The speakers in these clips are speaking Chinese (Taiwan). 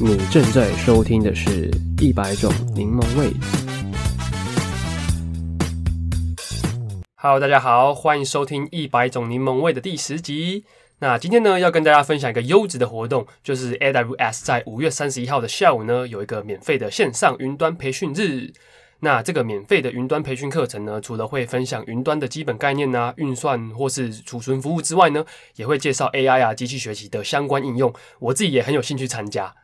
你正在收聽的是一百種檸檬味。Hello，大家好，歡迎收聽《一百種檸檬味》的第十集。那今天呢，要跟大家分享一個優質的活動，就是 AWS 在五月三十一號的下午呢，有一個免費的線上雲端培訓日。那這個免費的雲端培訓課程呢，除了會分享雲端的基本概念啊、運算或是儲存服務之外呢，也會介紹 AI 啊、機器學習的相關應用。我自己也很有興趣參加。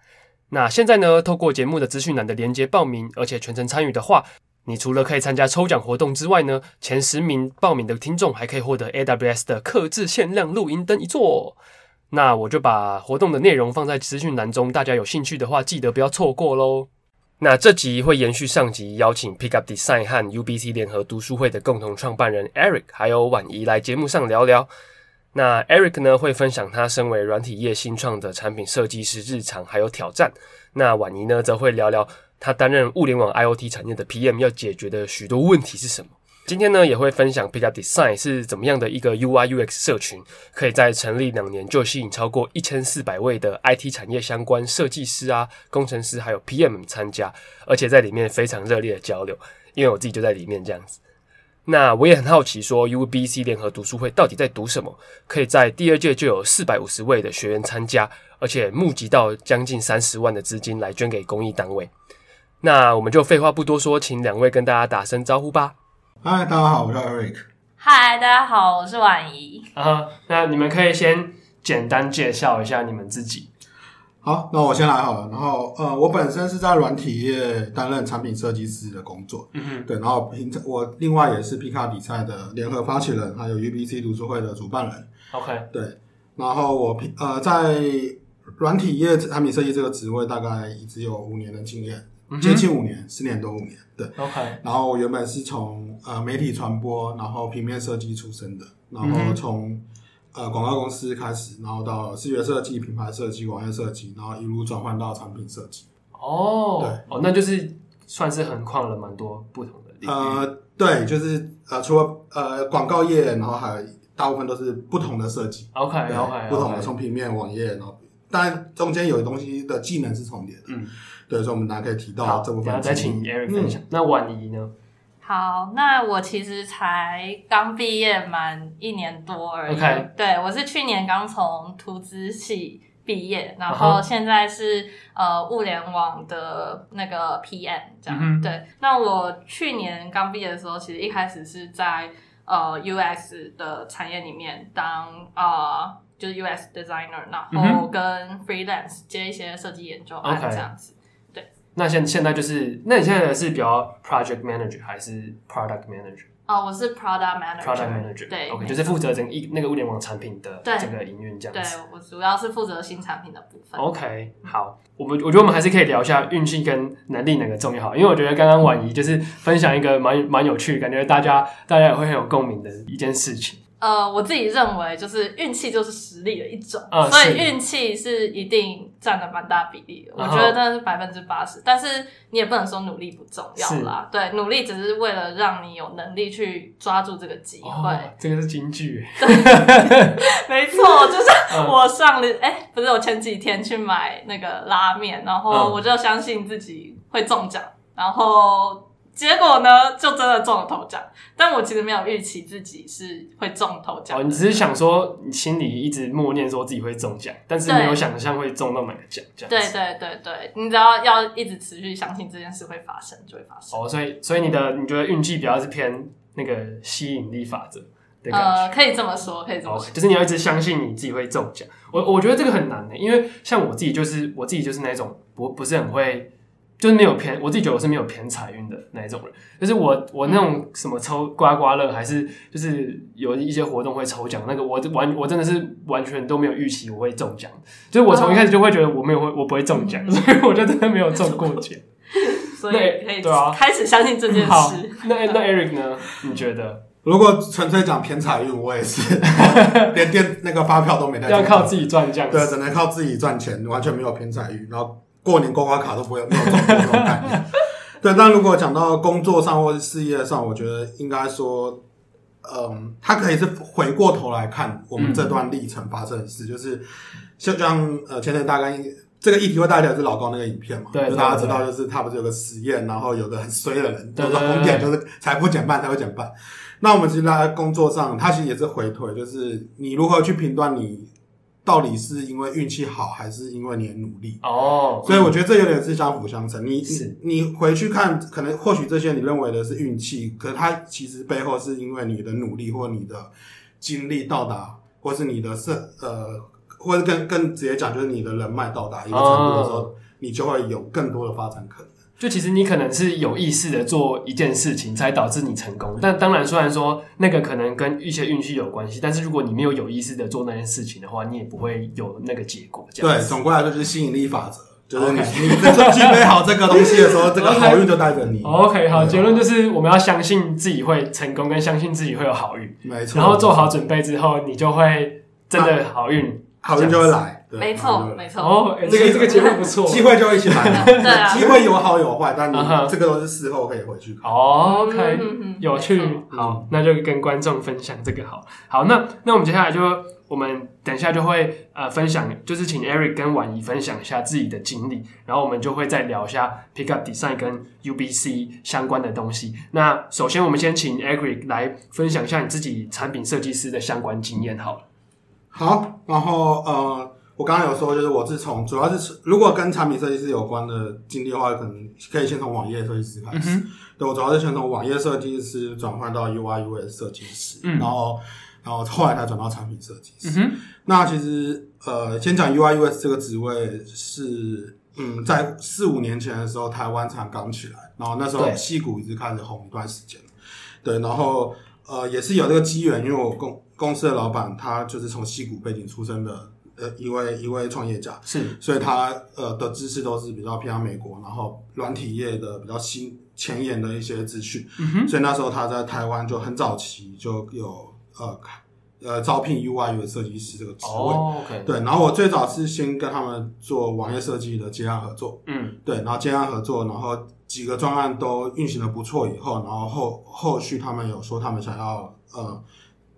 那現在呢，透過節目的資訊欄的連結報名，而且全程參與的話，你除了可以參加抽獎活動之外呢，前十名報名的聽眾還可以獲得 AWS 的客製限量露營燈一座。那我就把活動的內容放在資訊欄中，大家有興趣的話，記得不要錯過嘍。那這集會延續上集，邀請 Pickup Design 和 UBC 聯合讀書會的共同創辦人 Eric 還有宛儀來節目上聊聊。那 Eric 呢會分享他身為軟體業新創的產品設計師日常還有挑戰。那宛儀呢則會聊聊他擔任物聯網 IoT 產業的 PM 要解決的許多問題是什麼。今天呢也會分享 Pickup Design 是怎麼樣的一個 UI UX 社群，可以在成立兩年就吸引超過一千四百位的 IT 產業相關設計師啊、工程師還有 PM 參加，而且在裡面非常熱烈的交流，因為我自己就在裡面這樣子。那我也很好奇，說 UBC 聯合讀書會到底在讀什麼？可以在第二屆就有四百五十位的學員參加，而且募集到將近三十萬的資金來捐給公益單位。那我們就廢話不多說，請兩位跟大家打聲招呼吧。嗨，大家好，我是 Eric。嗨，大家好，我是宛儀。啊、uh-huh，那你們可以先簡單介紹一下你們自己。好，那我先來好了。然後，呃，我本身是在軟體業擔任產品設計師的工作。嗯哼。對，然後平常，我另外也是 Pickup Design 的聯合發起人，還有 UBC 讀書會的主辦人。OK。對，然後我平，呃，在軟體業產品設計這個職位大概已經有五年的經驗，嗯，接近五年，四年多五年。對。OK。然後我原本是從呃媒體傳播，然後平面設計出身的，然後從。嗯呃，廣告公司開始，然後到視覺設計、品牌設計、網頁設計，然後一路轉換到產品設計。哦，對，哦，那就是算是橫跨了蠻多不同的領域。呃，對，就是呃，除了呃廣告業，然後還有大部分都是不同的設計。OK，OK，、okay, okay, okay, 不同的，從平面、okay. 網頁，然後但中間有東西的技能是重疊的。嗯，對，所以我們大家可以提到、啊、這部分。再請 Eric 問一下，那宛儀呢？好，那我其實才剛畢業滿一年多而已。Okay. 對，我是去年剛從圖資系畢業，然後現在是、uh -huh. 呃物聯網的那個 PM 這樣。Uh -huh. 對，那我去年剛畢業的時候，其實一開始是在呃 UX 的產業裡面當啊、呃，就是 UX designer，然後跟 freelance 接一些設計研究案這樣子。Uh -huh. Okay. 那現現在就是，那你現在是比較 project manager 還是 product manager？哦，我是 product manager，product manager 對，OK，就是負責整一那個物聯網產品的整個營運這樣子。對,對我主要是負責新產品的部分。OK，好，我們我覺得我們還是可以聊一下運氣跟能力哪個重要好，因為我覺得剛剛宛儀就是分享一個蠻蠻有趣，感覺大家大家也會很有共鳴的一件事情。呃，我自己認為就是運氣就是實力的一種，哦、所以運氣是一定佔了蠻大比例的。我覺得真的是百分之八十，但是你也不能說努力不重要啦。對，努力只是為了讓你有能力去抓住這個機會。哦，這個是金句，對 沒錯，就是我上了。哎、嗯欸，不是，我前幾天去買那個拉麵，然後我就相信自己會中獎，然後。結果呢，就真的中了頭獎，但我其實沒有預期自己是會中頭獎。哦，你只是想說，你心裡一直默念說自己會中獎，但是沒有想象會中那麼的獎。這樣子。對對對對，你只要要一直持續相信這件事會發生，就會發生。哦，所以所以你的你覺得運氣比較是偏那個吸引力法則的感覺，對。呃，可以這麼說，可以這麼說。哦，就是你要一直相信你自己會中獎。我我覺得這個很難的、欸，因為像我自己就是我自己就是那種不不是很會。就是沒有偏，我自己覺得我是沒有偏財運的那一種人。就是我，我那種什麼抽刮刮樂，還是就是有一些活動會抽獎，那個我完，我真的是完全都沒有預期我會中獎。就是我從一開始就會覺得我沒有會，我不會中獎、嗯，所以我就真的沒有中過獎、嗯。所以，可以對啊，開始相信這件事。那那 Eric 呢？ 你覺得？如果純粹講偏財運，我也是， 連電那個發票都沒帶，要靠自己賺獎。對，只能靠自己賺錢，完全沒有偏財運，然後。過年刮刮卡，都不會有那種那種感覺，對。但如果講到工作上或是事業上，我覺得應該說，嗯、呃，他可以是回過頭來看我們這段歷程、嗯、發生的事，就是像就像呃，前天大概這個議題會，大家是老高那個影片嘛，對，就是、大家知道就是他不是有個實驗，然後有個很衰的人，有、就是紅點，就是財富減半，財富減半，對對對。那我們其實在工作上，他其實也是回推，就是你如何去評斷你。到底是因為運氣好，還是因為你的努力？哦、oh，所以我覺得這有點是相輔相成。你你回去看，可能或許這些你認為的是運氣，可是它其實背後是因為你的努力，或你的精力到達，或是你的社呃，或是更更直接講，就是你的人脈到達一個程度的時候，oh. 你就會有更多的發展可能。就其實你可能是有意識的做一件事情，才導致你成功。但當然，雖然說那個可能跟一些運氣有關係，但是如果你沒有有意識的做那件事情的話，你也不會有那個結果這樣子。對，總歸來說就是吸引力法則，Okay. 就是你 你準備好這個東西的時候，這個好運就帶着你。OK，好，結論就是我們要相信自己會成功，跟相信自己會有好運。沒錯，然後做好準備之後，你就會真的好運、啊，好運就會來。沒錯，沒錯、啊哦欸。這個這個節目不錯，機 會就要一起來。機 對 會有好有壞，但然、uh -huh. 這個都是事後可以回去。哦、oh,，OK，、嗯、有趣。好、嗯，那就跟觀眾分享這個好。好，那那我們接下來就我們等一下就會呃分享，就是請 Eric 跟宛儀分享一下自己的經歷，然後我們就會再聊一下 Pickup Design 跟 UBC 相關的東西。那首先我們先請 Eric 來分享一下你自己產品設計師的相關經驗，好好，然後呃。我剛才有說，就是我是從主要是如果跟產品設計師有關的經歷的話，可能可以先從網頁設計師開始。嗯、對，我主要是先從網頁設計師轉換到 UI UX 設計師，嗯、然後然後後來才轉到產品設計師。嗯、那其實呃，先講 UI UX 這個職位是，嗯，在四五年前的時候，台灣才剛起來，然後那時候矽谷已經開始紅一段時間，對、對，然後呃，也是有這個機緣，因為我公公司的老闆他就是從矽谷背景出身的。呃，一位一位創業家是，所以他呃的知識都是比較偏向美國，然後軟體業的比較新前沿的一些資訊。嗯。所以那時候他在台灣就很早期就有呃呃招聘 UI 設計師這個職位。哦 okay。對，然後我最早是先跟他們做網頁設計的接案合作。嗯，對，然後接案合作，然後幾個專案都運行的不錯以後，然後後後續他們有說他們想要呃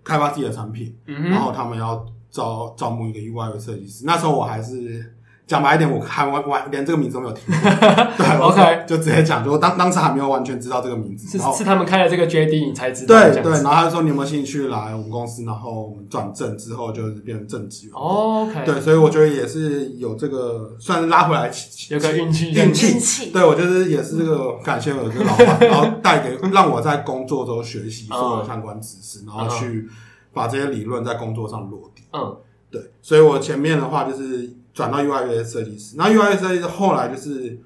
開發自己的產品。嗯，然後他們要。找找某一個 UI 的設計師，那時候我還是講白一點，我還沒完連這個名字都沒有聽過。 對我就，OK，就直接講，就當當時還沒有完全知道這個名字然後，是是他們開了這個 JD 你才知道。嗯、對對，然後他就說你有沒有興趣來我們公司，然後轉正之後就是變成正職。哦，OK，對，所以我覺得也是有這個算是拉回來有個運氣運氣，對我就是也是這個、嗯、感謝我的這個老板，然後帶給讓我在工作中學習所有相關知識，oh. 然後去。Oh. 把這些理論在工作上落地。嗯，對，所以我前面的話就是轉到 UI/UX 設計師，那 UI/UX 設計師後來就是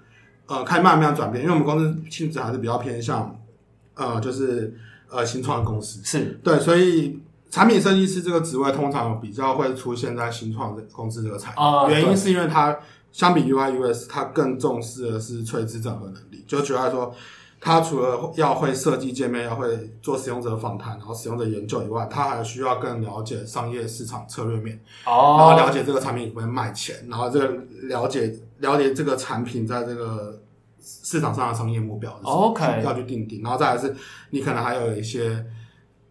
呃，開始慢慢轉變，因為我們公司性質還是比較偏向呃，就是呃新創公司。是對，所以產品設計師這個職位通常比較會出現在新創公司這個產業。嗯，原因是因為它相比 UI/UX，它更重視的是垂直整合能力，就覺得說。他除了要會設計界面，要會做使用者訪談，然後使用者研究以外，他還需要更了解商業市場策略面，oh. 然後了解這個產品怎麼賣錢，然後這個了解了解這個產品在這個市場上的商業目標，OK，要去訂定。然後再來是，你可能還有一些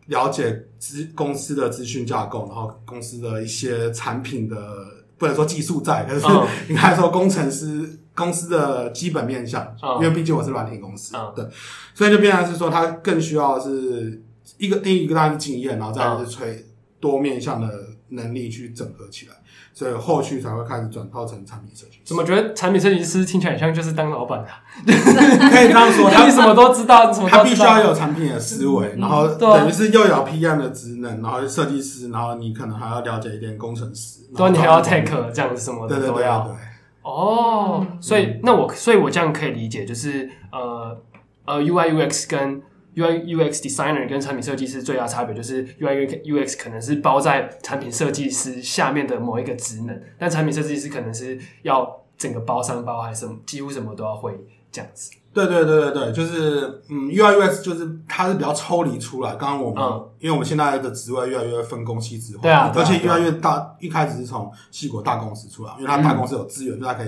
了解資公司的資訊架構，然後公司的一些產品的不能說技術債，但是應該說工程師。公司的基本面向，哦，因為畢竟我是軟體公司，嗯、對、嗯，所以就變成是說，他更需要的是一個，第一個當然是經驗，然後再來就是吹多面向的能力去整合起來，嗯、所以後續才會開始轉化成產品設計師。怎麼覺得產品設計師聽起來像就是當老闆的、啊？ 可以這樣說，他什麼都知道， 他必須要有產品的思維，嗯，然後等於是又有 PM 的職能、嗯，然後是設計師，然後你可能還要了解一點工程師，嗯、然後你還要 take 這樣子什麼的對對對，啊。對啊對哦、oh, 嗯，所以那我，所以我這樣可以理解，就是呃呃，UI UX 跟 UI UX designer 跟產品設計師最大差別，就是 UI UX 可能是包在產品設計師下面的某一個職能，但產品設計師可能是要整個包山包海還是什麼，幾乎什麼都要會這樣子。對對對對對，就是嗯，UI、US 就是它是比較抽離出來。剛剛我們、嗯、因為我們現在的職位越來越分工細致化，對啊，而且 U I U S 大、啊啊，一開始是從矽谷大公司出來，因為它大公司有資源，所以它可以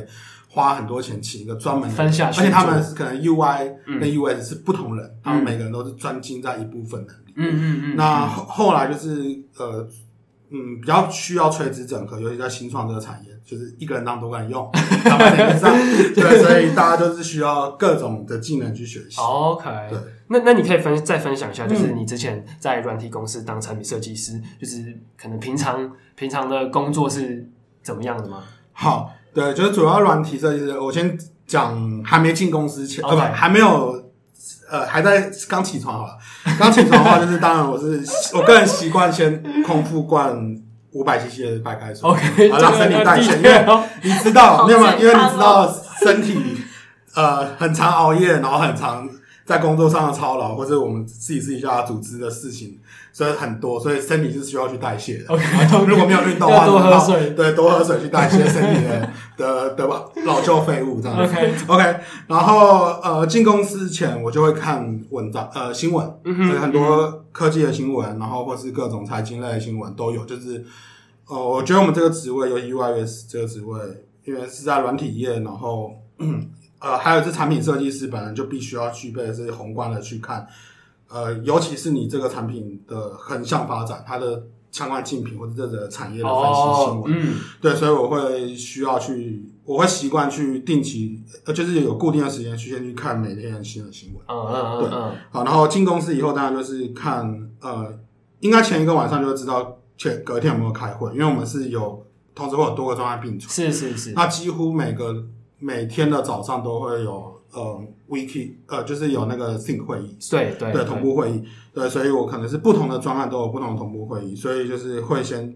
花很多錢請一個專門、嗯、而且他們可能 UI、嗯、跟 US 是不同人、嗯，他們每個人都是專精在一部分能力。嗯嗯嗯。那後,、嗯、後來就是呃。嗯，比較需要垂直整合，尤其在新創這個產業，就是一個人當多個人用 上，對，所以大家就是需要各種的技能去學習。OK，對，那那你可以分再分享一下，就是你之前在軟體公司當產品設計師，嗯，就是可能平常平常的工作是怎麼樣的嗎？好，對，就是主要軟體設計師，我先講還沒進公司前，哦不，還沒有。呃，還在剛起床好了，剛起床的話，就是 當然我是我個人習慣先空腹灌五百 cc 的白開水，OK，好，讓身體代謝。因為、哦、你知道，你有沒有，因為你知道身體、哦、呃，很常熬夜，然後很常。在工作上的操勞，或者我們自己自己家組織的事情，所以很多，所以身體是需要去代謝的。Okay. 如果沒有運動的話，多喝水，對，多喝水去代謝身體的的對吧？老舊廢物這樣、就是。OK，OK、okay. okay,。然後呃，進公司前我就會看文章，呃，新聞，所以很多科技的新聞，然後或是各種財經類的新聞都有。就是呃，我覺得我們這個職位，有 UI 設計師的這個職位，因為是在軟體業，然後。呃，還有是產品設計師，本來就必須要具備這些宏觀的去看，呃，尤其是你這個產品的橫向發展，它的相關競品或者這個產業的分析新聞，嗯、oh, um.，對，所以我會需要去，我會習慣去定期，呃，就是有固定的時間去先去看每天新的新聞，嗯嗯嗯，對，好，然後進公司以後，當然就是看，呃，應該前一個晚上就會知道前，前隔天有沒有開會，因為我們是有同時會有多個狀態並存，是是是，那幾乎每個。每天的早上都會有，呃，wiki，呃，就是有那個 sync 會議，對對,對，對，同步會議，對，所以我可能是不同的專案都有不同的同步會議，所以就是會先，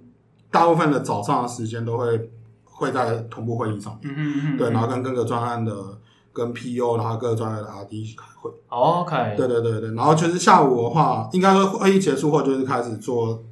大部分的早上的時間都會會在同步會議上面，嗯哼嗯哼嗯，對，然後跟各個專案的，跟 PO，然後各個專案的 RD 一起開會，OK，對對對對，然後就是下午的話，應該說會議結束後就是開始做，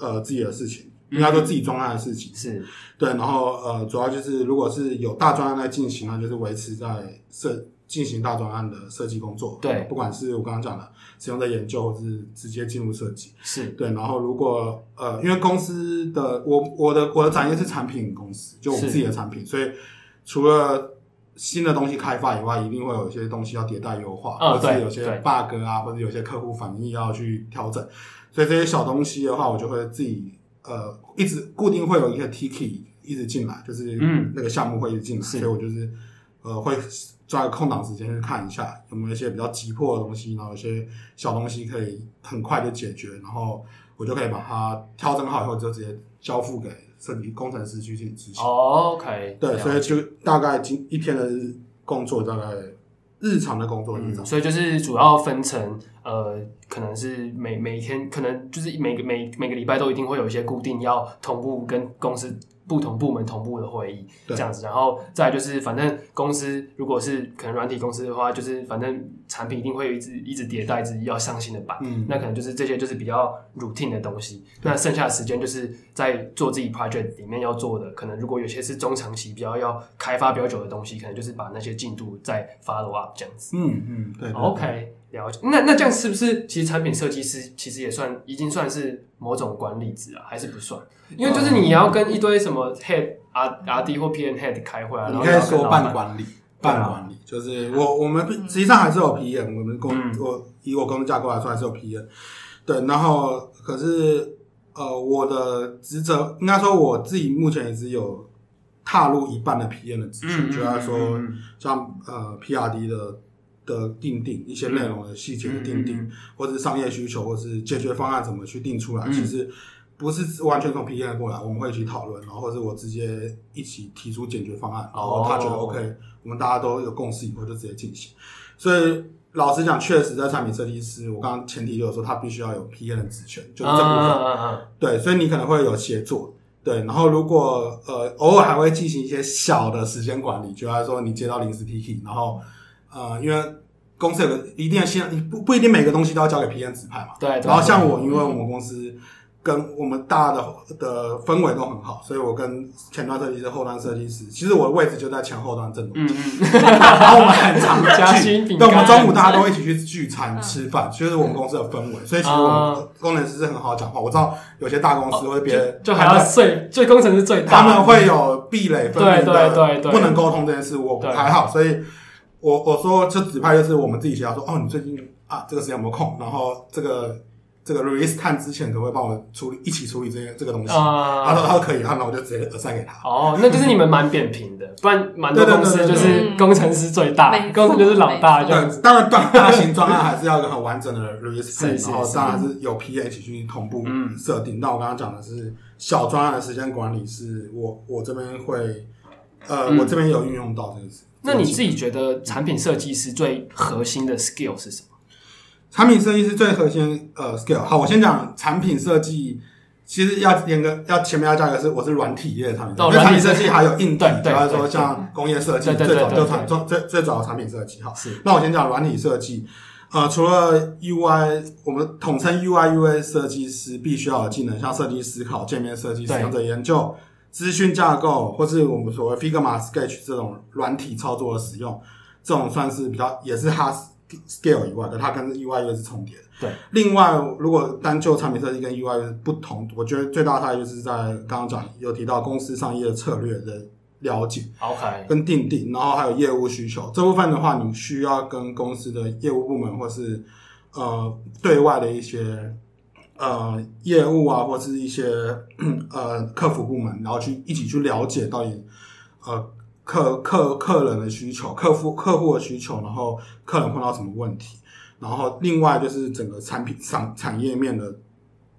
呃，自己的事情。應該說自己專案的事情是，對，然後呃，主要就是如果是有大專案在進行，那就是維持在設進行大專案的設計工作。對，嗯、不管是我剛剛講的使用者研究，或是直接進入設計。是對，然後如果呃，因為公司的我我的我的產業是產品公司，就我自己的產品，所以除了新的東西開發以外，一定會有一些東西要迭代優化，哦、或者是有些 bug 啊，或者有些客戶反應要去調整。所以這些小東西的話，我就會自己。呃，一直固定會有一個 T K 一直進來，就是那個項目會一直進來。嗯，所以我就是呃，會抓個空檔時間去看一下有沒有一些比較急迫的東西，然後有些小東西可以很快的解決，然後我就可以把它調整好以後就直接交付給設計工程師去進行執行。OK，對，所以就大概今一天的工作大概，日常的工作，日常，嗯，所以就是主要分成，呃，可能是每每天，可能就是每個每每個禮拜都一定會有一些固定要同步跟公司。不同部門同步的會議這樣子，然後再就是反正公司如果是可能軟體公司的話，就是反正產品一定會一直一直迭代，一直要上新的版。那可能就是這些就是比較 routine 的東西。那剩下的時間就是在做自己 project 裡面要做的。可能如果有些是中長期比較要開發比較久的東西，可能就是把那些進度再 follow up 這樣子。嗯，嗯嗯，對，對，對，OK。了解，那那這樣是不是其實產品設計師其實也算已經算是某種管理職啊？還是不算？因為就是你要跟一堆什麼 head 啊 RD 或 PM head 開會啊，然後應該說半管理，半管理。啊，就是我我們實際上還是有 PM，我們公、嗯、我以我公司架構來說還是有 PM，對。然後可是呃，我的職責應該說我自己目前也只有踏入一半的 PM 的職責，就、嗯嗯嗯嗯、要說像呃 PRD 的。的定定一些內容的細節的定定，定定嗯嗯嗯嗯或者是商業需求，或者是解決方案怎麼去定出來，嗯嗯其實不是完全從 PM 過來，我們會一起討論，然後或者我直接一起提出解決方案，然後他覺得 OK，哦哦哦哦我們大家都有共識以後就直接進行。所以老實講，確實在產品設計師，我剛剛前提就是說他必須要有 PM 的職權，就是這部分哦哦哦哦，對，所以你可能會有協作，對，然後如果呃偶爾還會進行一些小的時間管理，就來說你接到臨時 PK，然後。呃，因為公司有個一定要先不不一定每個東西都要交給 PM 指派嘛，對。對。然後像我，嗯，因為我們公司跟我們大的的氛圍都很好，所以我跟前端設計師、後端設計師，其實我的位置就在前後端正中間。嗯 然後我們很常聚，對我們中午大家都一起去聚餐、嗯、吃飯，其、就是我們公司的氛圍。所以其實我們工程師是很好講話、嗯。我知道有些大公司會別人就，就還要睡，最工程師最大，他們會有壁壘分明的、嗯，對對對對，不能溝通這件事，我不還好，所以。我我說這指派就是我們自己協調說哦，你最近啊這個時間有沒有空？然後這個這個 release time 之前，可不可以幫我處理一起處理這個這個東西啊？他、uh, 說可以，他那我就直接呃轉給他。哦、oh，那就是你們蠻扁平的，嗯、不然蠻多公司就是對對對對對工程師最大，嗯、工程師老大。這樣子對，當然大大型專案還是要一個很完整的 release time， 然後當然是有 P H 去同步設定、嗯。那我剛剛講的是小專案的時間管理，是我我這邊會呃、嗯，我這邊有運用到這個。就是那你自己覺得產品設計師最核心的 skill 是什麼？產品設計師最核心呃 skill，好，我先講產品設計，其實要嚴格要前面要加一個是我是軟體業產品、哦，因為產品設計還有硬體，對對對對對，比方說像工業設計，最早就產最最早的，產品設計好。是好。那我先講軟體設計，呃，除了 UI，我們統稱 UI/UX 設計師，必須要有技能，像設計思考、界面設計、使用者研究。資訊架構，或是我們所謂 Figma Sketch 這種軟體操作的使用，這種算是比較，也是 hard skill 以外的，它跟 UI 又是重疊的。對，另外如果單就產品設計跟 UI 不同，我覺得最大差異就是在剛剛講有提到公司商業策略的了解，OK，跟定定，然後還有業務需求這部分的話，你需要跟公司的業務部門或是呃對外的一些。呃，業務啊，或是一些呃客服部門，然後去一起去了解到底呃客客客人的需求，客戶客戶的需求，然後客人碰到什麼問題，然後另外就是整個產品上，產業面的，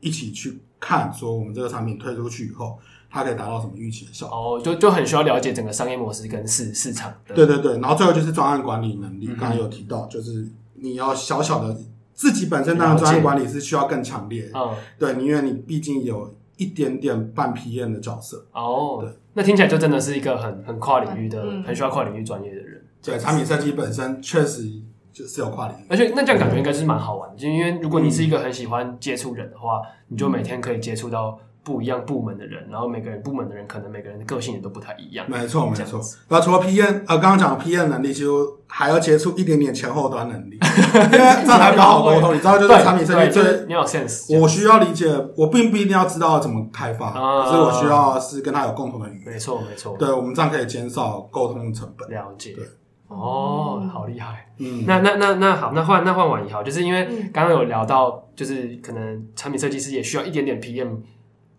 一起去看，說我們這個產品推出去以後，它可以達到什麼預期的效果？哦，就就很需要了解整個商業模式跟市市場。對對對，然後最後就是專案管理能力，嗯、剛才有提到，就是你要小小的。自己本身那個專業管理是需要更強烈。哦，對，因為你畢竟有一點點半 PM 的角色哦，對。那聽起來就真的是一個很很跨領域的，嗯嗯，很需要跨領域專業的人。對，產品設計本身確實就是有跨領域，而且那這樣感覺應該是蠻好玩的，就因為如果你是一個很喜歡接觸人的話，嗯，你就每天可以接觸到不一樣部門的人，然後每個人部門的人，可能每個人的個性也都不太一樣。沒錯，沒錯。那除了 PM，呃，剛剛講的 PM 能力，就是、還要接觸一點點前後端能力， 這樣比較好溝通。你知道，就是產品設計師，你有 sense。我需要理解，我並不一定要知道怎麼開發，所、啊、以我需要是跟他有共同的語言。沒錯，沒錯。對，我們這樣可以減少溝通成本。了解。對哦，好厲害。嗯。那那那那好，那換那換完以後，就是因為剛剛有聊到，就是可能產品設計師也需要一點點 PM。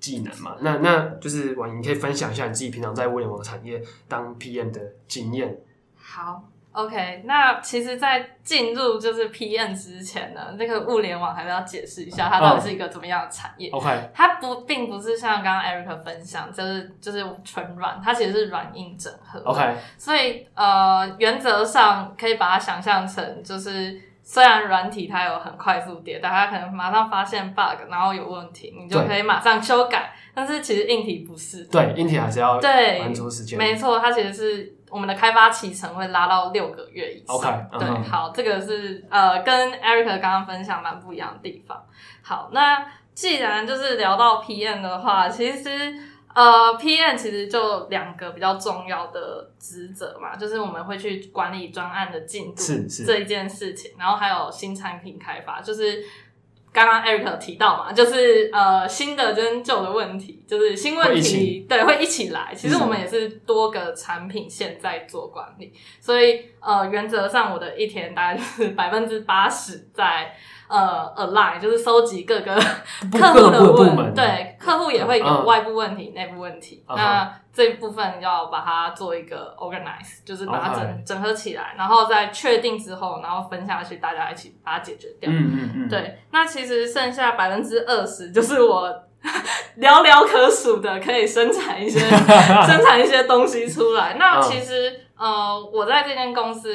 技能嘛，那那就是宛儀，你可以分享一下你自己平常在物聯網的產業當 PM 的經驗。好，OK，那其實，在進入就是 PM 之前呢，那個物聯網還是要解釋一下，它到底是一個怎麼樣的產業。嗯、OK，它不並不是像剛剛 Eric 分享，就是就是純軟，它其實是軟硬整合。OK，所以呃，原則上可以把它想象成就是。雖然軟體它有很快速迭代，它可能馬上發現 bug 然後有問題，你就可以馬上修改。但是其實硬體不是，對硬體還是要蠻久時間。沒錯，它其實是我們的開發期程會拉到六個月以上。Okay, uh -huh. 對，好，這個是呃跟 Eric 剛剛分享蠻不一樣的地方。好，那既然就是聊到 PM 的話，其實。呃 PM 其實就兩個比較重要的職責嘛，就是我們會去管理專案的進度這一件事情，然後還有新產品開發，就是剛剛 Eric 提到嘛，就是呃、uh, 新的跟舊的問題，就是新問題會對會一起來。其實我們也是多個產品線在做管理，所以呃、uh, 原則上我的一天大概就是百分之八十在呃，align 就是收集各個客戶的問，的啊、對客戶也會有外部問題、啊、內部問題，啊、那、啊、這部分要把它做一個 organize，就是把它整、啊 okay. 整合起來，然後在確定之後，然後分下去，大家一起把它解決掉。嗯嗯嗯。對，那其實剩下百分之二十，就是我寥寥 可數的可以生產一些 生產一些東西出來。那其實。啊呃，我在這間公司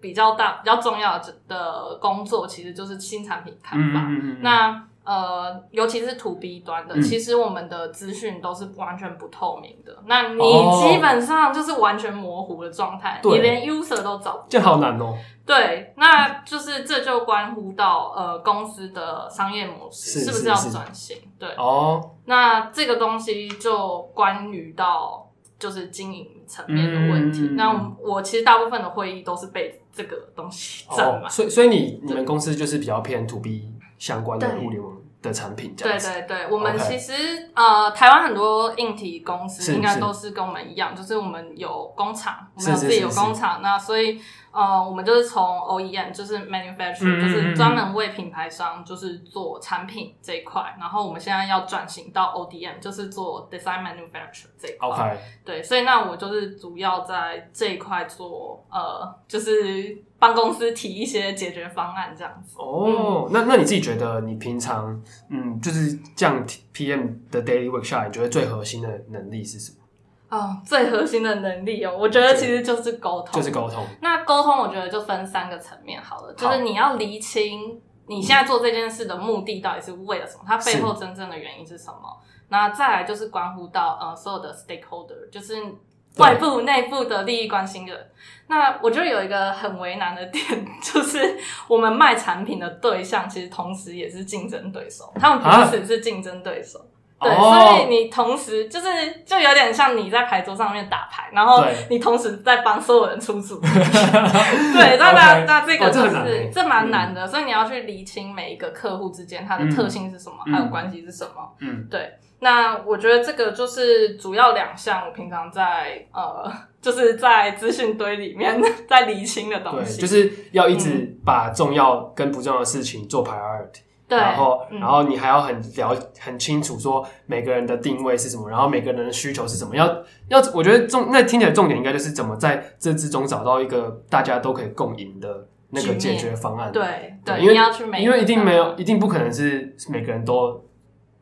比較大，比較重要的工作，其實就是新產品開發。嗯嗯嗯。那呃，尤其是 t B 端的，嗯，其實我們的資訊都是完全不透明的。嗯。那你基本上就是完全模糊的狀態，哦，你連用 r 都找不到。這好難哦。對，那就是這就關乎到呃公司的商業模式是，是，是不是要轉型？對。哦。那這個東西就關於到。就是經營層面的問題、嗯。那我其實大部分的會議都是被這個東西占嘛、哦。所以，所以你你們公司就是比較偏 to B 相關的物聯網的產品。對，對對對，我們其實、Okay. 呃，台灣很多硬體公司應該都是跟我們一樣，是是就是我們有工廠，我們有自己有工廠。那所以。哦、呃，我們就是從 OEM，就是 manufacturer，、嗯、就是專門為品牌商就是做產品這一塊。然後我們現在要轉型到 ODM，就是做 design manufacturer 這一塊。OK，對，所以那我就是主要在這一塊做，呃，就是幫公司提一些解決方案這樣子。哦，嗯、那那你自己覺得你平常，嗯，就是這樣 PM 的 daily work 下來，你覺得最核心的能力是什麼？哦，最核心的能力哦，我覺得其實就是溝通，就是溝通。那溝通，我覺得就分三個層面好了好，就是你要釐清你現在做這件事的目的到底是為了什麼，嗯、它背後真正的原因是什麼。那再來就是關乎到呃所有的 stakeholder，就是外部、內部的利益關心的。那我覺得有一個很為難的點，就是我們賣產品的對象其實同時也是競爭對手，他們同時是競爭對手。啊對，oh. 所以你同時就是就有點像你在牌桌上面打牌，然後你同時在幫所有人出主意。 對，那那那這個就是、oh, 這很難、欸、這蠻難的、嗯，所以你要去理清每一個客戶之間他的特性是什麼，嗯、還有關係是什麼。嗯，對嗯。那我覺得這個就是主要兩項，我平常在呃，就是在資訊堆裡面、oh. 在理清的東西對，就是要一直把重要跟不重要的事情做 priority。對，然後，然後你還要很了很清楚說每個人的定位是什麼，然後每個人的需求是什麼。要要，我覺得重那聽起來重點應該就是怎麼在這之中找到一個大家都可以共贏的那個解決方案。對對，對，因為因為一定沒有，一定不可能是每個人都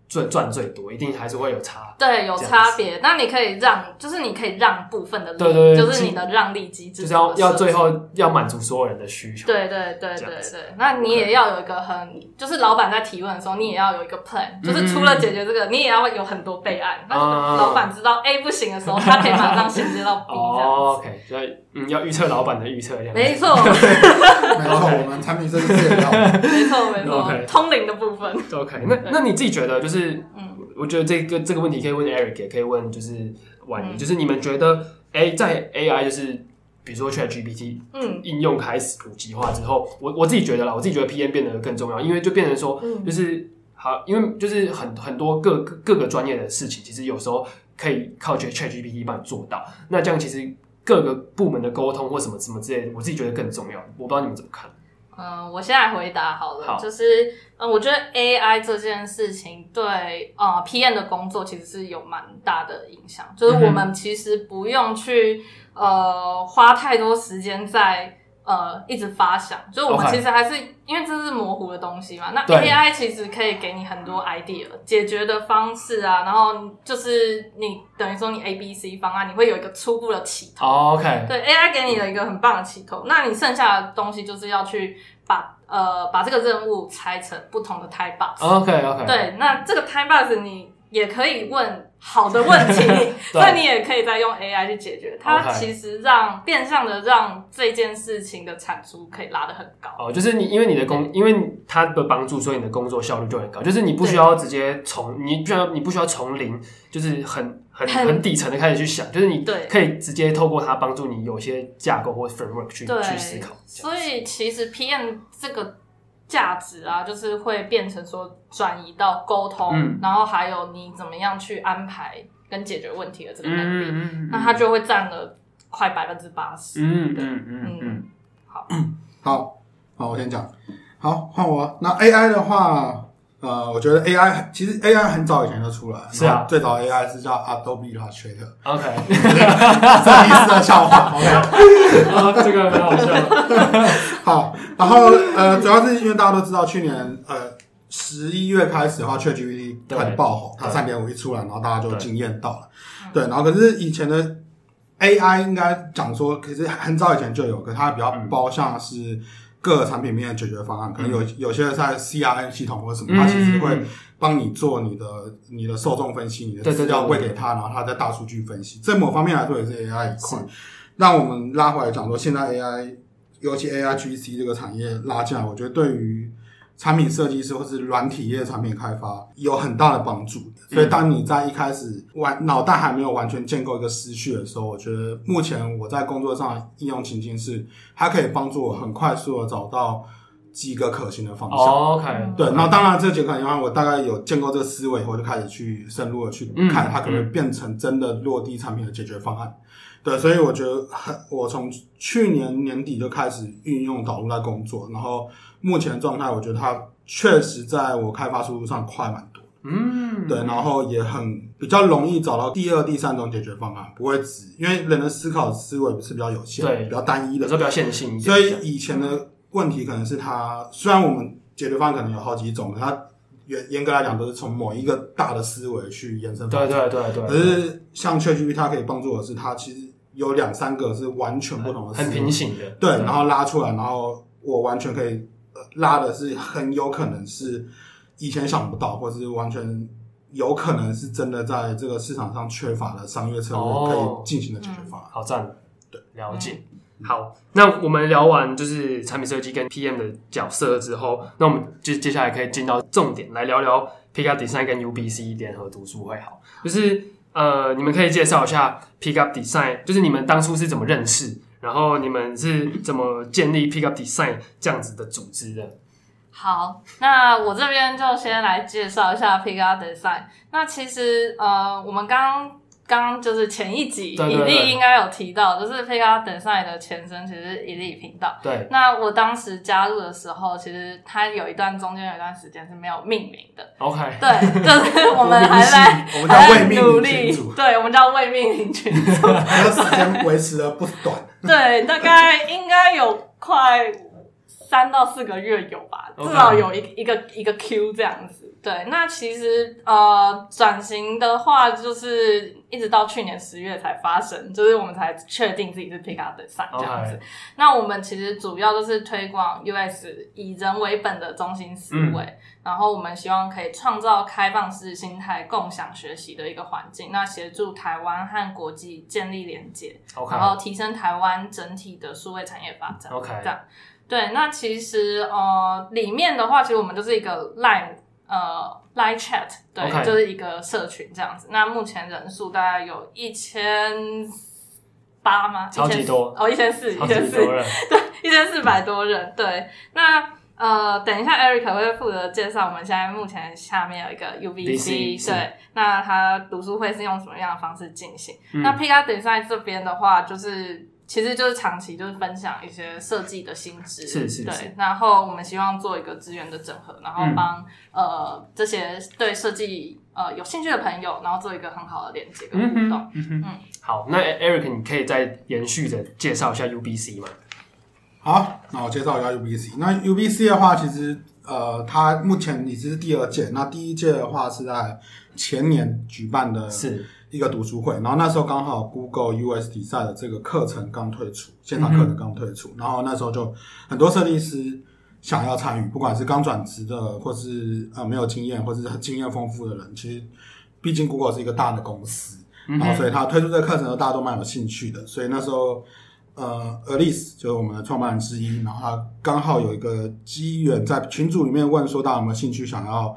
最賺最多，一定還是會有差。對，有差別。那你可以讓，就是你可以讓部分的，利，就是你的讓利機制，就是要要最後要滿足所有人的需求。對對對，對對對，那你也要有一個很，okay. 就是老闆在提問的時候，你也要有一個 plan，嗯嗯嗯嗯，就是除了解決這個，你也要有很多備案。那、嗯嗯、老闆知道 A 不行的時候，嗯、他可以馬上銜接到 B。哦、 oh,，OK，所以嗯，要預測老闆的預測這樣，沒錯。 沒錯，okay. 我們產品設計師 沒錯，OK。通靈的部分，OK。 那那你自己覺得就是嗯。我覺得這個這個問題可以問 Eric，也可以問就是宛儀、嗯，就是你們覺得，哎，在 AI 就是比如說 ChatGPT 應用開始普及化之後，嗯、我我自己覺得啦，我自己覺得 PM 變得更重要，因為就變成說，就是、嗯、好，因為就是很很多各各個專業的事情，其實有時候可以靠 Chat ChatGPT 幫你做到。那這樣其實各個部門的溝通或什麼什麼之類的，我自己覺得更重要。我不知道你們怎麼看。嗯，我現在回答好了，好就是嗯，我覺得 A I 這件事情對呃 P M 的工作其實是有蠻大的影響，嗯，就是我們其實不用去呃花太多時間在。呃，一直發想，所以我們其實還是、okay。因為這是模糊的東西嘛。那 AI 其實可以給你很多 idea 解決的方式啊，然後就是你等於說你 A B C 方案，你會有一個初步的起頭。Oh, OK，對，AI 給你了一個很棒的起頭、嗯。那你剩下的東西就是要去把呃把這個任務拆成不同的 time box、okay, OK OK，對，那這個 time box 你也可以問。好的問題，那 你也可以再用 AI 去解決。它其實讓變相的讓這件事情的產出可以拉得很高。哦、oh，就是你因為你的工，因為它的幫助，所以你的工作效率就很高。就是你不需要直接從，你不需要，你不需要從零，就是很很很底層的開始去想， 就是你可以直接透過它幫助你有些架構或 framework 去，對，去思考。所以其實 PM 這個。價值啊，就是會變成說轉移到溝通，嗯，然後還有你怎麼樣去安排跟解決問題的這個能力，嗯嗯嗯，那它就會占了快百分之八十。嗯嗯嗯嗯，好，好好，我先講，好，換我啊。那 AI 的話。呃，我覺得 A I 其實 A I 很早以前就出來，是啊，最早 A I 是叫 Adobe Illustrator，OK，哈哈哈哈哈，okay. 是這意思在笑話 ，OK， uh, 這個很好笑，哈哈哈哈哈。好，然後呃，主要是因為大家都知道，去年呃十一月開始的話，ChatGPT 很爆紅，它三點五一出來，然後大家就驚艷到了對，對，然後可是以前的 A I 應該講說，其實很早以前就有，可是它比較包、嗯、像是。各個產品面的解決方案，可能有、嗯、有些在 CRM 系統或什麼，它其實會幫你做你的你的受眾分析，嗯、你的資料餵給他，然後他在大數據分析，在某方面來說也是 AI 一塊。那我們拉回來講說，現在 AI，尤其 AIGC 這個產業拉架，我覺得對於產品設計師或是軟體業產品開發有很大的幫助，所以當你在一開始完腦袋還沒有完全建構一個思緒的時候，我覺得目前我在工作上的應用情境是，它可以幫助我很快速的找到幾個可行的方向。OK，對，那當然這幾個解決方我大概有建構這個思維以後，我就開始去深入的去看它可能變成真的落地產品的解決方案。對，所以我覺得很，我從去年年底就開始運用導入來工作，然後目前狀態，我覺得它確實在我開發速度上快蠻多。嗯，對，然後也很比較容易找到第二、第三種解決方案，不會只因為人的思考思維是比較有限，對，比較單一的，比較線性一點。所以以前的問題可能是它，雖然我們解決方案可能有好幾種，它嚴嚴格來講都是從某一個大的思維去延伸方法。對對對對。可是像 ChatGPT，它可以幫助的是，它其實。有兩三個是完全不同的，很平行的對，對。然後拉出來，嗯、然後我完全可以、呃、拉的是，很有可能是以前想不到，或是完全有可能是真的在這個市場上缺乏的商業策略可以進行的解決方案。好讚，對，了解、嗯。好，那我們聊完就是產品設計跟 PM 的角色之後，那我們接接下來可以進到重點來聊聊 Pickup Design 跟 UBC 聯合讀書會，好，就是。呃，你們可以介紹一下 Pickup Design，就是你們當初是怎麼認識，然後你們是怎麼建立 Pickup Design 這樣子的組織的？好，那我這邊就先來介紹一下 Pickup Design。那其實呃，我們剛剛。剛就是前一集，伊利，應該有提到。對對對，就是非 i 等 a d 的前身其實伊利頻道。對，那我當時加入的時候，其實它有一段中間有一段時間是沒有命名的。OK，對，對，就是我們還在在努力，我們叫命群組，對，我們叫未命名群組。那時間維持了不短。對， 對 對 大概應該有快。三到四個月有吧，至少有一、okay. 一個一個 Q 這樣子。對，那其實呃轉型的話，就是一直到去年十月才發生，就是我們才確定自己是 p i c k Up 的三這樣子。Okay. 那我們其實主要都是推廣 US 以人為本的中心思維、嗯，然後我們希望可以創造開放式心態、共享學習的一個環境，那協助台灣和國際建立連接，okay. 然後提升台灣整體的數位產業發展。OK，這樣。對，那其實呃，裡面的話，其實我們就是一個 LINE，呃，LINE chat，對，okay. 就是一個社群這樣子。那目前人數大概有一千八嗎？超級多哦，一千四、哦，一千四，對、嗯，一千四百多人。對，那呃，等一下，Eric 會負責介紹我們現在目前下面有一個 UBC，對，對，那他讀書會是用什麼樣的方式進行？嗯、那 Pickup 等一下這邊的話就是。其實就是長期就是分享一些設計的心智，對，然後我們希望做一個資源的整合，然後幫、嗯、呃這些對設計呃有興趣的朋友，然後做一個很好的連接跟互動嗯嗯。嗯，好，那 Eric 你可以再延續的介紹一下 UBC 嗎、嗯？好，那我介紹一下 UBC。那 UBC 的話，其實呃，它目前已經是第二屆，那第一屆的話是在前年舉辦的。是。一個讀書會，然後那時候剛好 Google USD 賽的這個課程剛退出，現場課程剛退出，嗯、然後那時候就很多設計師想要參與，不管是剛轉職的，或是呃沒有經驗，或是經驗豐富的人，其實畢竟 Google 是一個大的公司，嗯、然後所以他推出這個課程，大家都蠻有興趣的。所以那時候呃，Alice 就是我們的創辦人之一，嗯、然後他剛好有一個機緣在群組裡面問說，大家有沒有興趣想要？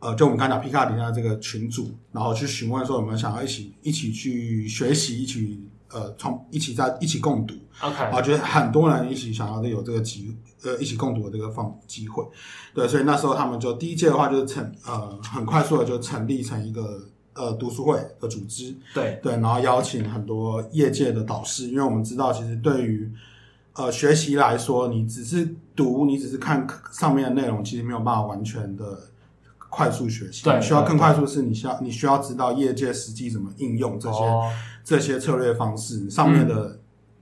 呃，就我們剛才講 Pickup 底下這個群組，然後去詢問說我們想要一起一起去學習，一起呃，從一起在一起共讀。OK，然後覺得很多人一起想要有這個機呃，一起共讀的這個方機會。對，所以那時候他們就第一屆的話就，就是成呃很快速的就成立成一個呃讀書會的組織。對對，然後邀請很多業界的導師，因為我們知道其實對於呃學習來說，你只是讀，你只是看上面的內容，其實沒有辦法完全的。快速學習，對，需要更快速。是你需要對對對，你需要知道業界實際怎麼應用這些、哦、這些策略方式上面的、嗯、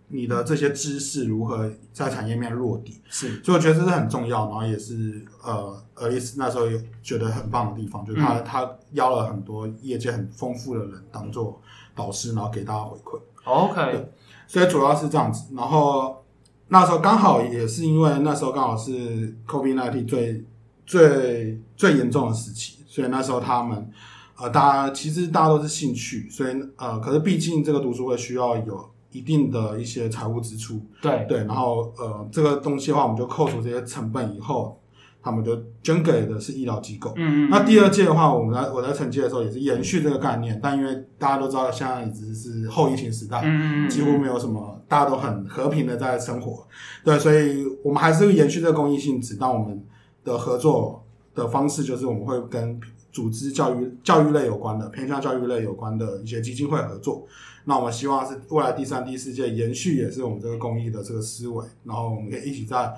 你的這些知識如何在產業面落地。是，所以我覺得這是很重要。然後也是呃，呃，那時候也覺得很棒的地方，就是他、嗯、他邀了很多業界很豐富的人當做導師，然後給大家回饋。哦、OK，對，所以主要是這樣子。然後那時候剛好也是因為那時候剛好是 COVID-19 最最最嚴重的時期，所以那時候他們，呃，大家其實大家都是興趣，所以呃，可是畢竟這個讀書會需要有一定的一些財務支出，對對，然後呃，這個東西的話，我們就扣除這些成本以後，他們就捐給的是醫療機構。嗯，嗯，嗯，那第二屆的話，我們在我在承接的時候也是延續這個概念，但因為大家都知道現在已經是，是後疫情時代，嗯嗯，嗯嗯，幾乎沒有什麼，大家都很和平的在生活，對，所以我們還是會延續這個公益性質，但我們。的合作的方式就是，我們會跟組織教育、教育類有關的、偏向教育類有關的一些基金會合作。那我們希望是未來第三、第四屆延續，也是我們這個公益的這個思維。然後我們可以一起在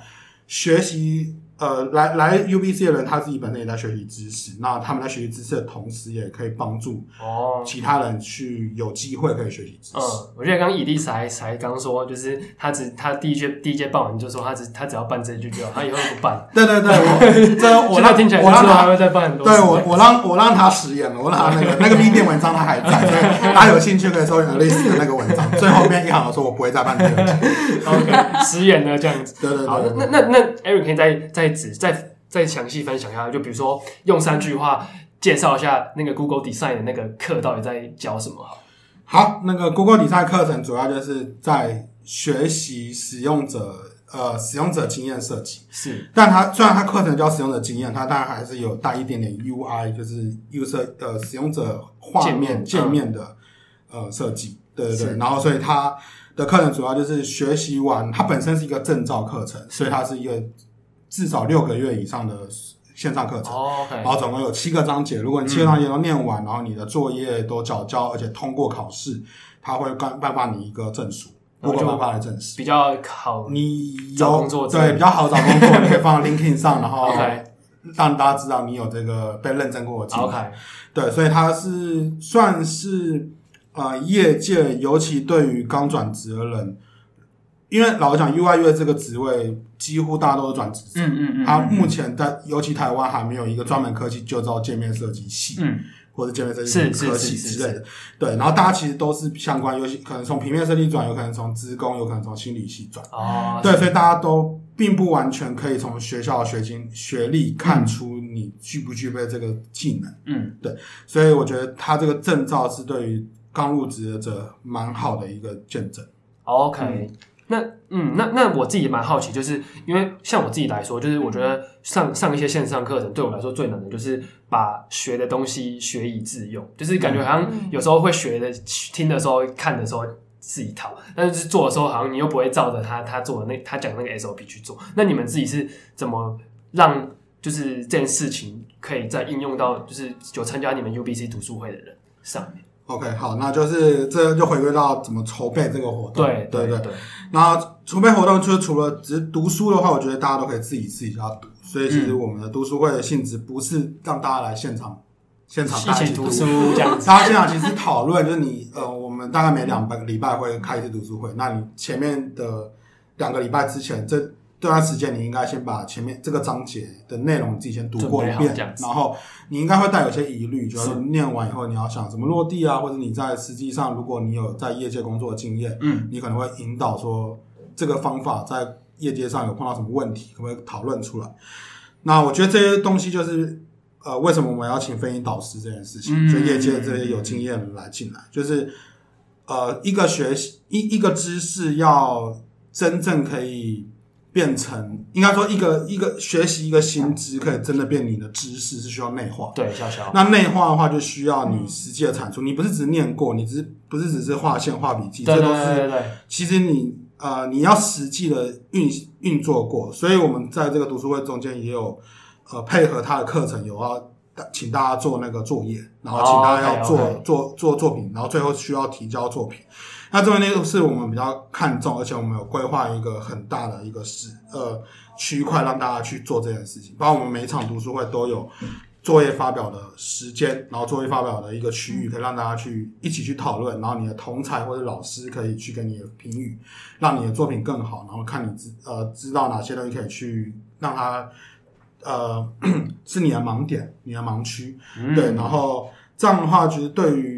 學習。呃，來來 UBC 的人，他自己本身也在學習知識，那他們在學習知識的同時，也可以幫助哦其他人去有機會可以學習知識、哦。嗯，我覺得剛剛 E 麗才才剛說，就是他只他第一屆第一屆報完，就說他只他只要辦這一屆就好，他以後不辦。對對對，我這我那 聽起來我讓他還會,會再辦很多。對 我、嗯、我讓我讓他食言了，我讓他那個 那個畢業文章他還在，他有興趣可以一下類似的那個文章。最後面一我說，我不會再辦這了。 OK，食言了這樣子。 對對對,對，好，那那那 Eric 可以再再。在再再詳細分享一下，就比如說用三句話介紹一下那個 Google Design 的那個課到底在教什麼好？好，那個 Google Design 課程主要就是在學習使用者呃使用者經驗設計是，但它雖然它課程叫使用者經驗，它當然還是有帶一點點 UI，就是 user 呃使用者畫面界面，界面的、啊、呃設計，對對對。然後所以它的課程主要就是學習完，它本身是一個證照課程，所以它是一個。至少六個月以上的線上課程，Oh, okay. 然後總共有七個章節。如果你七個章節都念完，嗯、然後你的作業都繳交，而且通過考試，他會頒發你一個證書，會頒發的證書比較好，你有找工作對，對比較好找工作， 你可以放到 LinkedIn 上，然後、okay. 讓大家知道你有這個被認證過的資格。Okay. 對，所以它是算是呃，業界尤其對於剛轉職的人。因為老實講 UI/UX 這個職位幾乎大家都是轉職。嗯嗯嗯。他、嗯、目前在，尤其台灣還沒有一個專門科技、嗯、就造界面設計系，嗯，或者界面設計科系之類的。對，然後大家其實都是相關，尤其可能從平面設計轉，有可能從資工，有可能從心理系轉。哦。對，所以大家都並不完全可以從學校學經學歷看出你具不具備這個技能。嗯。對，所以我覺得他這個證照是對於剛入職者蠻好的一個見證。OK。那嗯，那那我自己也蠻好奇，就是因為像我自己來說，就是我覺得上上一些線上課程對我來說最難的就是把學的東西學以致用，就是感覺好像有時候會學的聽的時候看的時候是一套，但是就是做的時候好像你又不會照着他他做的那他講那個 SOP 去做。那你們自己是怎麼讓就是這件事情可以再應用到就是有參加你們 UBC 讀書會的人上面？OK，好，那就是這就回歸到怎麼籌備這個活動。對對對，對。那籌備活動，就是除了只是讀書的話，我覺得大家都可以自己自己家讀。所以其實我們的讀書會的性質不是讓大家來現場，嗯、現場大家讀書，大家現場其實討論。就是你 呃，我們大概每兩個禮拜會開一次讀書會。那你前面的兩個禮拜之前，這。這段時間，你應該先把前面這個章節的內容你自己先讀過一遍，然後你應該會帶有些疑慮，就是念完以後你要想怎麼落地啊，或者你在實際上如果你有在業界工作的經驗、嗯，你可能會引導說這個方法在業界上有碰到什麼問題，嗯、可不可以討論出來？那我覺得這些東西就是呃，為什麼我們要請分析導師這件事情，就、嗯、業界這些有經驗的人來進來、嗯，就是呃，一個學習一一個知識要真正可以。變成應該說一個一個學習一個新知，可以真的變你的知識是需要內化。嗯、對，那內化的話，就需要你實際的產出，你不是只念過，你只是不是只是畫線、畫筆記，這都是其實你呃，你要實際的運運作過。所以我們在這個讀書會中間也有呃配合他的課程，有要請大家做那個作業，然後請大家要做做做,做作品，然後最後需要提交作品。那這邊那個是我們比較看重，而且我們有規劃一個很大的一個時呃區塊，讓大家去做這件事情。包括我們每一場讀書會都有作業發表的時間，然後作業發表的一個區域，可以讓大家去一起去討論。然後你的同儕或者老師可以去給你評語，讓你的作品更好。然後看你知呃知道哪些東西可以去讓他。呃是你的盲點、你的盲區，嗯、對。然後這樣的話，其實對於。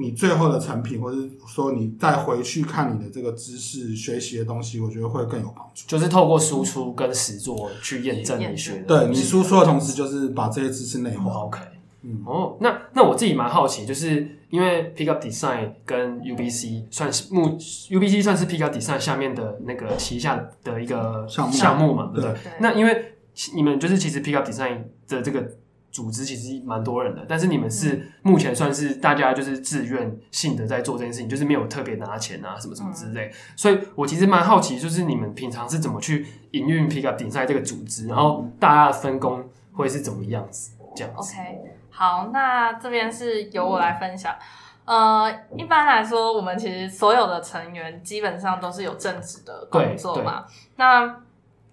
你最後的成品，或是說你再回去看你的這個知識學習的東西，我覺得會更有幫助。就是透過輸出跟實作去驗證你學的。對，你輸出的同時，就是把這些知識內化。哦，okay，嗯，哦，那那我自己蠻好奇，就是因為 Pick Up Design 跟 U B C 算是目 U B C 算是 Pick Up Design 下面的那個旗下的一個項目嘛，項目，對，對。那因為你們就是其實 Pick Up Design 的這個。組織其實蠻多人的，但是你們是目前算是大家就是自願性的在做這件事情，嗯、就是沒有特別拿錢啊什麼什麼之類、嗯。所以，我其實蠻好奇，就是你們平常是怎麼去營運 Pickup Design 這個組織，然後大家的分工會是怎麼樣子？這樣子、嗯。OK，好，那這邊是由我來分享、嗯。呃，一般來說，我們其實所有的成員基本上都是有正職的工作嘛。那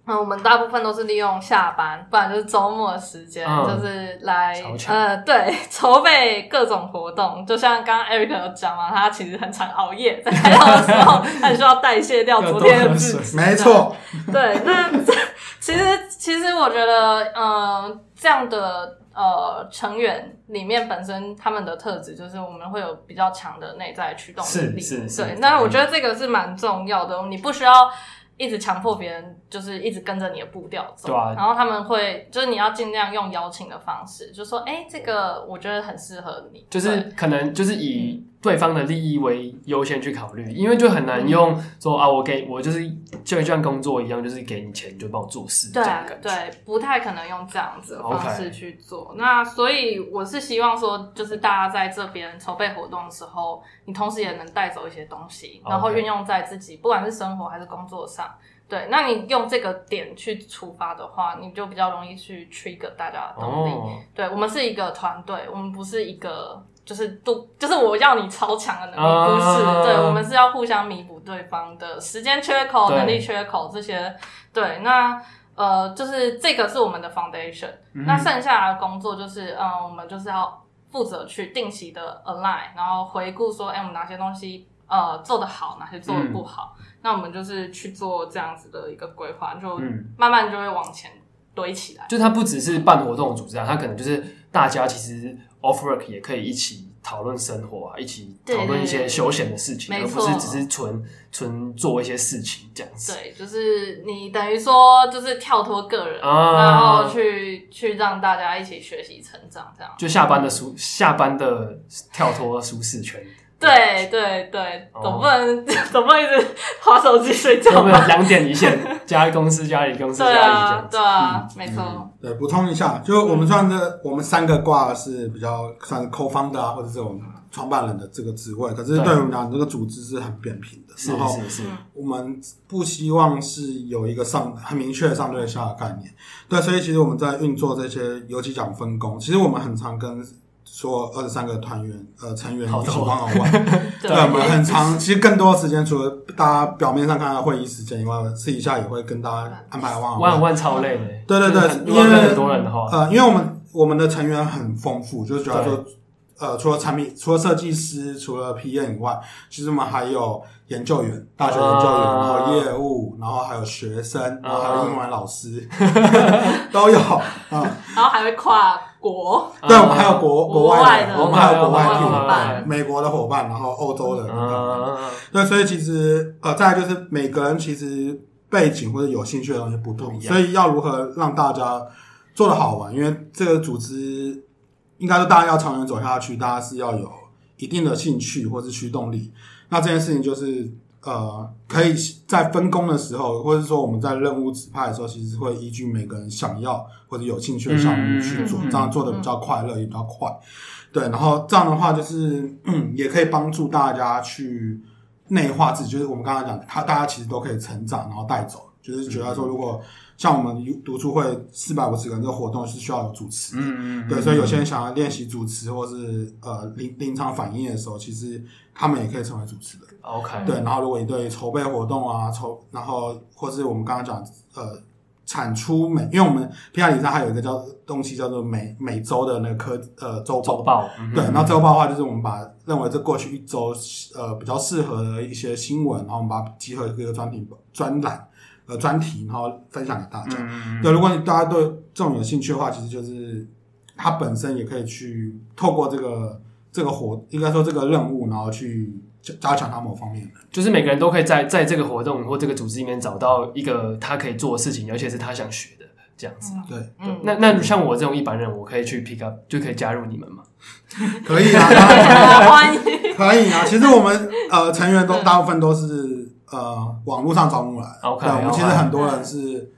那、呃、我們大部分都是利用下班，不然就是周末的時間、嗯，就是來呃，對，籌備各種活動。就像剛剛 Eric 有講嘛，他其實很常熬夜在開播的時候， 他還需要代謝掉昨天的。沒錯。對，那其實其實我覺得，嗯、呃，這樣的呃成員裡面本身他們的特質就是，我們會有比較強的內在驅動力。是是是。對、嗯，那我覺得這個是蠻重要的，你不需要。一直強迫別人，就是一直跟着你的步調走，啊，然後他們會就是你要儘量用邀請的方式，就說：“哎，欸，這個我覺得很適合你。”就是可能就是以，嗯對方的利益為優先去考慮，因為就很難用說、嗯、啊，我給，我就是就像工作一樣，就是給你錢你就幫我做事。對對，不太可能用這樣子的方式去做。Okay. 那所以我是希望說，就是大家在這邊籌備活動的時候，你同時也能帶走一些東西，然後運用在自己、Okay. 不管是生活還是工作上。對，那你用這個點去出發的話，你就比較容易去 trigger 大家的動力。Oh. 對，我們是一個團隊，我們不是一個。就是都就是我要你超強的能力，不、uh, 是，對我們是要互相彌補對方的時間缺口、能力缺口這些。對，那呃，就是這個是我們的 foundation、嗯。那剩下的工作就是，嗯、呃，我們就是要負責去定期的 align，然後回顧說，哎、欸，我們哪些東西呃做得好，哪些做得不好、嗯，那我們就是去做這樣子的一個規劃，就慢慢就會往前堆起來。就他不只是辦活動組織啊，他可能就是大家其實。Off work 也可以一起討論生活啊，一起討論一些休閒的事情對對對，而不是只是純純做一些事情這樣子。對，就是你等於說就是跳脫個人、啊，然後去去讓大家一起學習成長這樣。就下班的舒，下班的跳脫舒適圈。 對對對，總不能、哦、總不能一直滑手機睡覺。兩點一線，家裡公司，家裡公司，對啊，對啊，對啊嗯、沒錯。嗯對，補充一下，就我們算的、嗯，我們三個掛是比較算是 co-founder 的啊，或者這種創辦人的這個職位。可是對我們講，這個組織是很扁平的，是的，然後我們是，是的，是的，我們不希望是有一個上很明確的上對下的概念。對，所以其實我們在運作這些，尤其講分工，其實我們很常跟，說二十三個團員呃成員一起玩玩，對、呃，我、呃、們很長，其實更多時間除了大家表面上看到會議時間以外，私底下也會跟大家安排玩玩。玩玩超累、呃、對對對，因為，因為很多人的、哦、話呃，因為我們我們的成員很豐富，就是主要說呃，除了產品，除了設計師，除了 PM 以外，其、就、實、是、我們還有研究員、大學研究員、啊，然後業務，然後還有學生，然後還有英文老師，啊、 都有啊、呃。然後還會跨。國，對我們還有國國外的、啊，我們還有國外的夥、嗯、伴對，美國的夥伴，然後歐洲的、那個啊，對，所以其實呃，再來就是每個人其實背景或者有興趣的東西不同、嗯，所以要如何讓大家做得好玩？因為這個組織應該是大家要長遠走下去，大家是要有一定的興趣或是驅動力，那這件事情就是。呃，可以在分工的時候，或者說我們在任務指派的時候，其實會依據每個人想要或者有興趣的項目去做，嗯，這樣做的比較快樂，嗯，也比較快。對，然後這樣的話就是也可以幫助大家去內化自己，就是我們剛剛講的，他大家其實都可以成長，然後帶走。就是覺得說，如果像我們讀書會四百五十人這個活動是需要有主持，對、嗯，嗯嗯嗯嗯、所以有些人想要練習主持或是呃臨臨場反應的時候，其實他們也可以成為主持的。OK，對。然後如果你對籌備活動啊籌，然後或是我們剛剛講呃產出美，因為我們 Pickup 裡上還有一個叫東西叫做每每週的那個科呃周周報，報嗯嗯嗯對。然後周報的話，就是我們把認為這過去一周呃比較適合的一些新聞，然後我們把它集合一個專題專欄。呃，專題然後分享給大家。嗯嗯對，如果大家對這種有興趣的話，其實就是他本身也可以去透過這個這個活，應該說這個任務，然後去加強他某方面的。就是每個人都可以在在這個活動或這個組織裡面找到一個他可以做的事情，尤其是他想學的這樣子，啊嗯。對，對嗯，那那像我這種一般人，我可以去 pick up，就可以加入你們嗎？ 可以啊，歡 迎，啊，可以啊。可以啊 其實我們呃成員都大部分都是。呃、嗯，網絡上招募來。OK 對，我們其實很多人是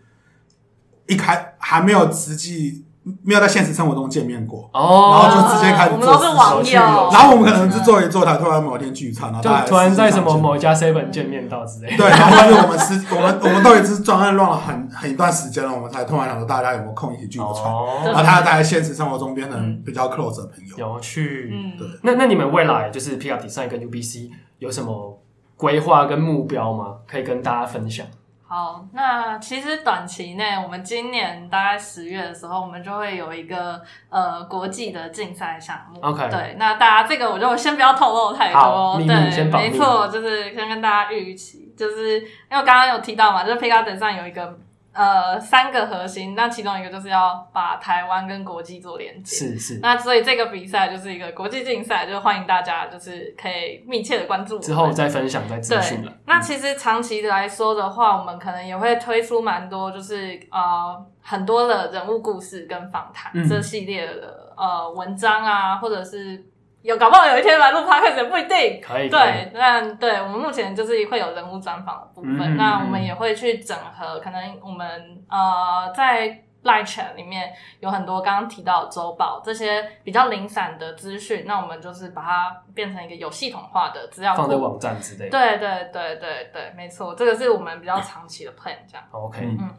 一開、okay. 還沒有實際沒有在現實生活中見面過，oh, 然後就直接開始做、oh, 然。然後我們可能是做一做，才突然某一天聚餐了，然後 4, 就突然在什麼某一家 seven 見面到之類。對，然後是我們是我們我們到底是專案 run 了很很一段時間了， 我們才突然想說，大家有沒有空一起聚個餐，oh, 然後他大家在現實生活中變成比較 close 的朋友。有趣，對嗯、那那你們未來就是 Pickup Design 跟 UBC 有什麼規劃跟目標嗎？可以跟大家分享。好，那其實短期內，我們今年大概十月的時候，我們就會有一個呃國際的競賽項目。OK，對，那大家這個我就先不要透露太多，對，沒錯，就是先跟大家預期，就是因為我剛剛有提到嘛，就是 Pickup 上有一個。呃，三個核心，那其中一個就是要把台灣跟國際做連接。是是。那所以這個比賽就是一個國際競賽，就歡迎大家就是可以密切的關注。之後再分享、再資訊的、嗯。那其實長期來說的話，我們可能也會推出蠻多，就是呃很多的人物故事跟訪談、嗯、這系列的呃文章啊，或者是。有，搞不好有一天來錄 podcast 也不一定，可以。對，那對我們目前就是會有人物專訪的部分、嗯，那我們也會去整合，嗯、可能我們呃在 Light 裡面有很多剛剛提到的周報這些比較零散的資訊，那我們就是把它變成一個有系統化的資料，放在網站之類的。對對對對對，沒錯，這個是我們比較長期的 plan，這樣。嗯 OK，嗯，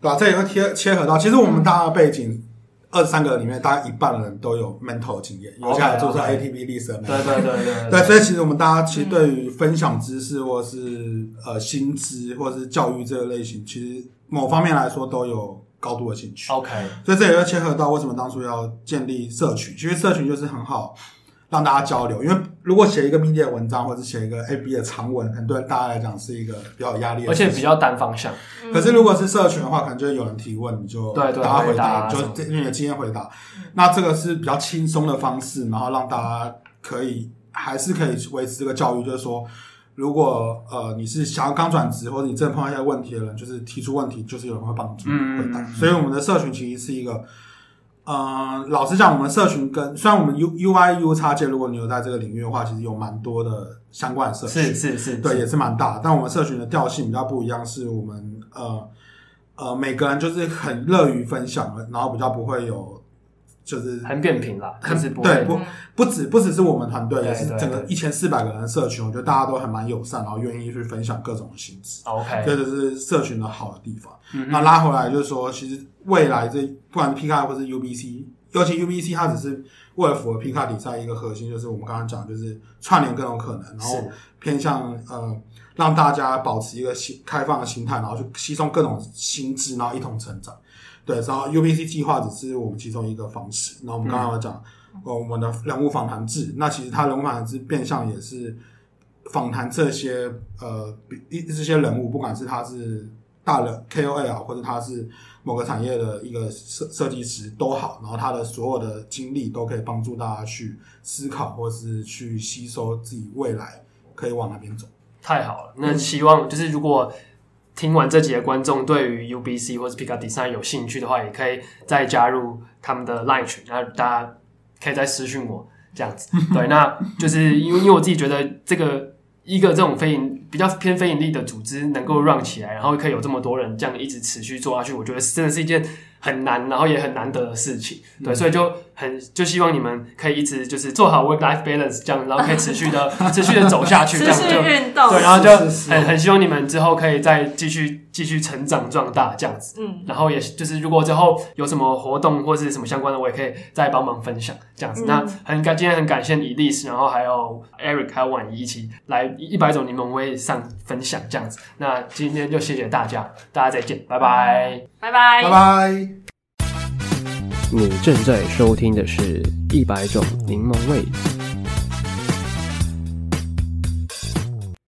那這也會切切合到，其實我們大家的背景。嗯二三個裡面，大概一半的人都有 mental 經驗，留、okay, okay. 下來做做 ATP 律師。對對對對，對，對。 對，所以其實我們大家其實對於分享知識，或者是呃薪資，或者是教育這個類型，其實某方面來說都有高度的興趣。OK。所以這也就切合到為什麼當初要建立社群？其實社群就是很好。讓大家交流，因為如果寫一個 media 的文章，或者寫一個 A B 的長文，可能對大家來講是一個比較有壓力的，而且比較單方向、嗯。可是如果是社群的話，可能就會有人提問，你就對對,對，大家回答，回答啊、就,、啊就啊、你的經驗回答、嗯。那這個是比較輕鬆的方式，然後讓大家可以還是可以維持這個教育。就是說，如果呃你是想要剛轉職，或者你正碰到一些問題的人，就是提出問題，就是有人會幫你回答嗯嗯嗯嗯。所以我們的社群其實是一個。嗯、呃，老實講，我們社群跟雖然我們 U UI UX 界，如果你有在這個領域的話，其實有蠻多的相關的社群，是是是，是對，也是蠻大的。但我們社群的調性比較不一樣，是我們呃呃，每個人就是很樂於分享，然後比較不會有。就是很變頻了，對，不，不止不只是我們團隊，也是整個一千四百個人的社群，我覺得大家都還蠻友善，然後願意去分享各種的心思。OK，這就，就是社群的好的地方。嗯。那拉回來就是說，其實未來這不管是 Pickup 或是 UBC，尤其 UBC，它只是為了符合 Pickup Design 一個核心，就是我們剛剛講的，就是串聯各種可能，然後偏向呃、嗯、讓大家保持一個心開放的心態，然後去吸收各種心智，然後一同成長。對，然後 UBC 計劃只是我們其中一個方式，那我們剛剛有講，嗯呃，我們的人物訪談制，那其實他人物訪談制變相也是訪談這些呃，這些人物，不管是他是大的 KOL，或者他是某個產業的一個設設計師都好，然後他的所有的經歷都可以幫助大家去思考，或是去吸收自己未來可以往哪邊走。太好了，那希望就是如果。聽完這集的觀眾對於 UBC 或者 Pickup Design 有興趣的話，也可以再加入他們的 Line 群，那大家可以再私訊我這樣子。對，那就是因為因為我自己覺得這個一個這種非盈比較偏非盈利的組織能夠 run 起來，然後可以有這麼多人這樣一直持續做下去，我覺得真的是一件很難，然後也很難得的事情。對，嗯、所以就。很就希望你們可以一直就是做好 work life balance 這樣，然後可以持續的 持續的走下去這樣就，這 持續運動對，然後就很、欸、很希望你們之後可以再繼續繼續成長壯大這樣子，嗯，然後也就是如果之後有什麼活動或是什麼相關的，我也可以再幫忙分享這樣子。嗯、那很感今天很感謝你，Elise，然後還有 Eric，還有宛儀一起來一百種檸檬會上分享這樣子。那今天就謝謝大家，大家再見，拜拜，拜拜，拜拜。你正在收聽的是一百種檸檬味。